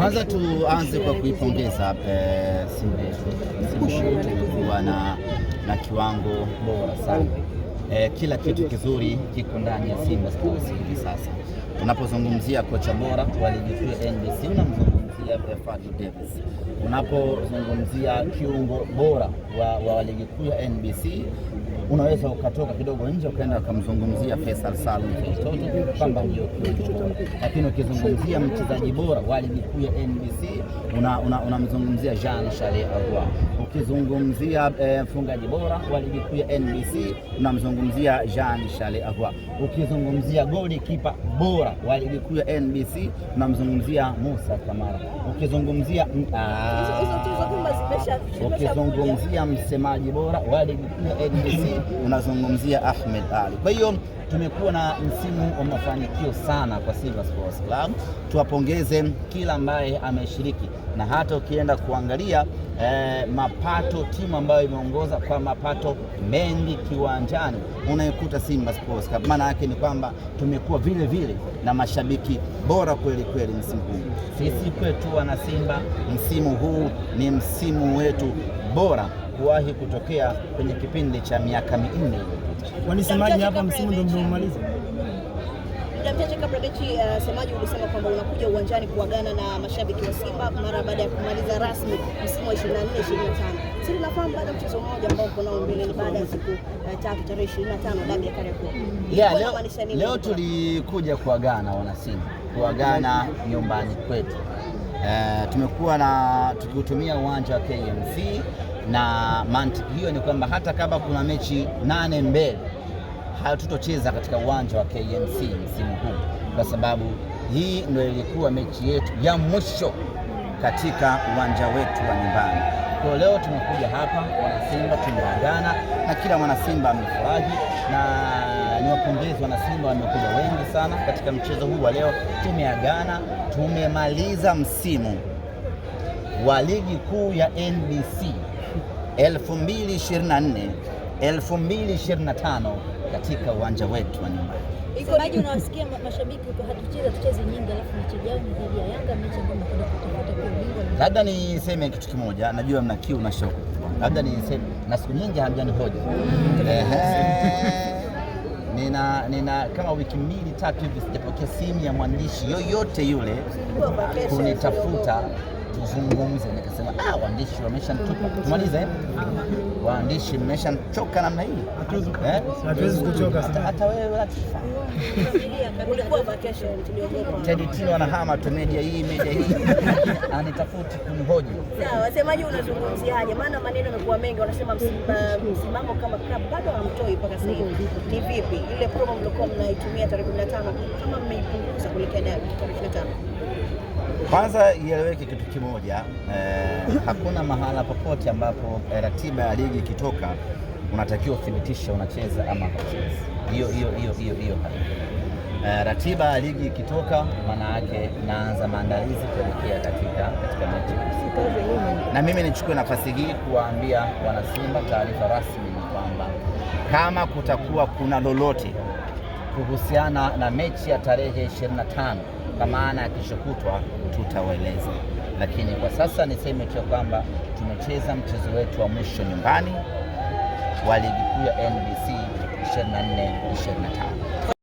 Kwanza tuanze kwa kuipongeza eh, Simba kuwa na, na kiwango bora sana e, kila kitu kizuri kiko ndani ya Simba Sports hivi sasa. Unapozungumzia kocha bora wa ligi kuu NBC unamzungumzia Davis. Unapozungumzia kiungo bora wa, wa ligi kuu ya NBC unaweza ukatoka kidogo nje ukaenda ukamzungumzia Faisal Salum Kitoto kwamba ndio kiungo lakini ukizungumzia mchezaji bora wa ligi kuu ya NBC unamzungumzia una, una Jean Charles Ahoua. Ukizungumzia eh, mfungaji eh, bora wa ligi kuu ya NBC unamzungumzia Jean Charles Ahoua. Ukizungumzia goalkeeper bora wa ligi kuu ya NBC unamzungumzia Musa Kamara ukizungumzia ukizungumzia msemaji bora wa ligi NBC unazungumzia Ahmed ali Kwa hiyo tumekuwa na msimu wa mafanikio sana kwa Silver Sports Club, tuwapongeze kila ambaye ameshiriki, na hata ukienda kuangalia eh, mapato, timu ambayo imeongoza kwa mapato mengi kiwanjani unaikuta Simba Sports Club. Maana yake ni kwamba tumekuwa vile vile na mashabiki bora kweli kweli msimu huu. Sisi kwetu wana Simba, msimu huu ni msimu wetu bora kuwahi kutokea kwenye kipindi cha miaka minne. Wanisemaje hapa, msimu ndio mnaomaliza muda mchache kabla eh, mechi uh, Semaji ulisema kwamba unakuja uwanjani kuagana na mashabiki wa Simba mara baada ya kumaliza rasmi msimu wa 24 25. Sisi tunafahamu baada ya mchezo mmoja ambao uko nao mbele ni baada ya siku uh, tatu tarehe 25 dabi ya Kariakoo. Yeah, leo, leo tulikuja kuagana wana Simba, kuagana nyumbani kwetu. Uh, tumekuwa na tukiutumia uwanja wa KMC na mantiki hiyo ni kwamba hata kama kuna mechi nane mbele hatutocheza katika uwanja wa KMC msimu huu, kwa sababu hii ndio ilikuwa mechi yetu ya mwisho katika uwanja wetu wa nyumbani. Kwa leo tumekuja hapa wanasimba, tumeagana na kila mwanasimba amefurahi, na ni wapongezi wanasimba, wamekuja wengi sana katika mchezo huu wa leo. Tumeagana, tumemaliza msimu wa ligi kuu ya NBC 2024 2025 katika uwanja wetu wa nyumbani. maji unawasikia mashabiki hatucheza tucheze nyingi, alafu mechi yao ni dhidi ya Yanga, mechi ambayo mnakwenda kutafuta kwa ubingwa. Labda ni niseme kitu kimoja, najua mna kiu na shoko, labda ni niseme na siku nyingi hamjani hoja ehe Nina, nina kama wiki mbili tatu hivi sijapokea simu ya mwandishi yoyote yule kunitafuta tuzungumze. Nikasema ah, waandishi wameshatupa tumalize, waandishi mmeshachoka namna hii, hatuwezi eh? kuchoka. Hata wewe Teddy Tino anahama tu media hii, media hii anitafuti kumhoji. Sawa, wasemaji, unazungumziaje? Maana maneno yamekuwa mengi, wanasema uh, msimamo kama klabu bado hamtoi mpaka sasa hivi. Ni vipi ile promo mlikuwa mnaitumia tarehe 15 kama mmeipunguza kuelekea tarehe 25? Kwanza ieleweke kitu kimoja eh, hakuna mahala popote ambapo eh, ratiba ya ligi ikitoka unatakiwa uthibitishe unacheza ama hauchezi. Hiyo hiyo hiyo hiyo hiyo. Eh, ratiba ya ligi ikitoka, maana yake naanza maandalizi kuelekea katika katika mechi Na mimi nichukue nafasi hii kuwaambia wanasimba, taarifa rasmi ni kwamba kama kutakuwa kuna lolote kuhusiana na mechi ya tarehe 25 kwa maana kesho kutwa tutawaeleza, lakini kwa sasa niseme tu kwamba tumecheza mchezo wetu wa mwisho nyumbani wa ligi kuu ya NBC 24 25.